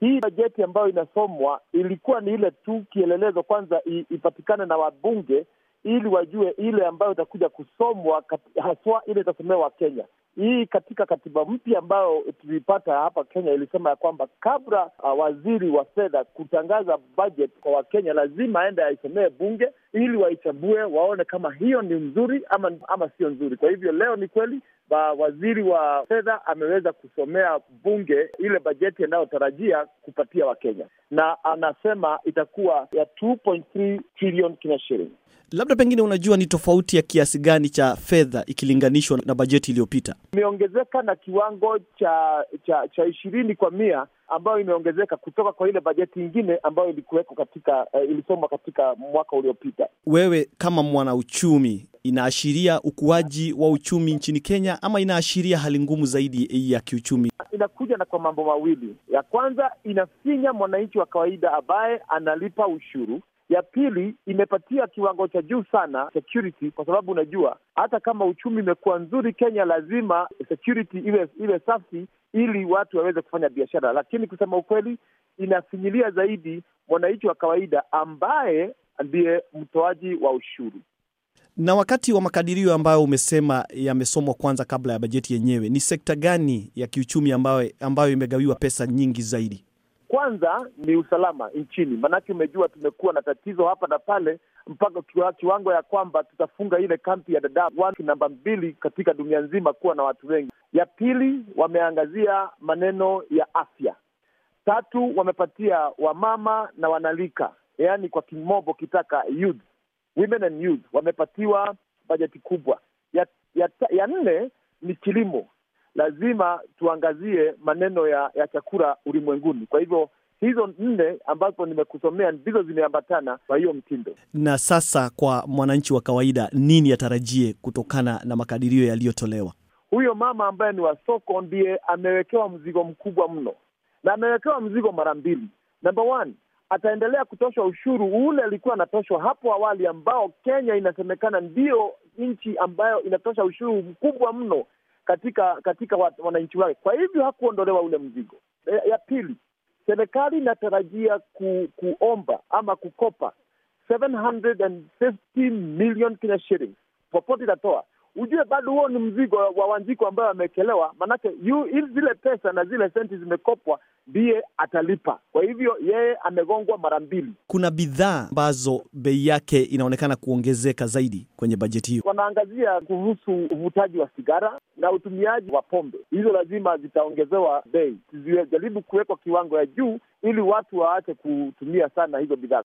Hii bajeti ambayo inasomwa ilikuwa ni ile tu kielelezo, kwanza ipatikane na wabunge ili wajue ile ambayo itakuja kusomwa haswa ile itasomewa Kenya hii katika katiba mpya ambayo tulipata hapa Kenya ilisema ya kwamba kabla uh, waziri wa fedha kutangaza budget kwa Wakenya lazima aende aisomee bunge ili waichambue waone kama hiyo ni nzuri ama, ama sio nzuri. Kwa hivyo leo ni kweli ba waziri wa fedha ameweza kusomea bunge ile bajeti anayotarajia kupatia Wakenya na anasema itakuwa ya 2.3 trillion Kenya shilling. Labda pengine, unajua ni tofauti ya kiasi gani cha fedha ikilinganishwa na bajeti iliyopita? imeongezeka na kiwango cha cha cha ishirini kwa mia ambayo imeongezeka kutoka kwa ile bajeti nyingine ambayo ilikuwekwa katika uh, ilisomwa katika mwaka uliopita. Wewe kama mwanauchumi, inaashiria ukuaji wa uchumi nchini Kenya ama inaashiria hali ngumu zaidi ya kiuchumi? Inakuja na kwa mambo mawili. Ya kwanza, inafinya mwananchi wa kawaida ambaye analipa ushuru ya pili, imepatia kiwango cha juu sana security, kwa sababu unajua hata kama uchumi imekuwa nzuri Kenya, lazima security iwe iwe safi ili watu waweze kufanya biashara. Lakini kusema ukweli, inafinyilia zaidi mwananchi wa kawaida ambaye ndiye mtoaji wa ushuru na wakati wa makadirio ambayo umesema yamesomwa kwanza kabla ya bajeti yenyewe, ni sekta gani ya kiuchumi ambayo, ambayo imegawiwa pesa nyingi zaidi? Kwanza ni usalama nchini, maanake umejua tumekuwa na tatizo hapa na pale, mpaka kiwango ya kwamba tutafunga ile kampi ya Dadaab, namba mbili katika dunia nzima kuwa na watu wengi. Ya pili, wameangazia maneno ya afya. Tatu, wamepatia wamama na wanalika, yaani kwa kimombo kitaka youth, women and youth, wamepatiwa bajeti kubwa. Ya, ya, ya nne ni kilimo lazima tuangazie maneno ya, ya chakula ulimwenguni. Kwa hivyo hizo nne ambazo nimekusomea ndizo zimeambatana kwa hiyo mtindo. Na sasa kwa mwananchi wa kawaida, nini atarajie kutokana na makadirio yaliyotolewa? Huyo mama ambaye ni wa soko ndiye amewekewa mzigo mkubwa mno, na amewekewa mzigo mara mbili. Namba one, ataendelea kutoshwa ushuru ule alikuwa anatoshwa hapo awali, ambao Kenya inasemekana ndiyo nchi ambayo inatosha ushuru mkubwa mno katika katika wananchi wake. Kwa hivyo hakuondolewa ule mzigo. E, Ya pili, serikali inatarajia ku, kuomba ama kukopa 750 million Kenya shillings popote itatoa ujue bado huo ni mzigo wa Wanjiku ambayo amewekelewa, maanake zile pesa na zile senti zimekopwa ndiye atalipa. Kwa hivyo yeye amegongwa mara mbili. Kuna bidhaa ambazo bei yake inaonekana kuongezeka zaidi kwenye bajeti hiyo. Wanaangazia kuhusu uvutaji wa sigara na utumiaji wa pombe, hizo lazima zitaongezewa bei, zijaribu kuwekwa kiwango ya juu ili watu waache kutumia sana hizo bidhaa.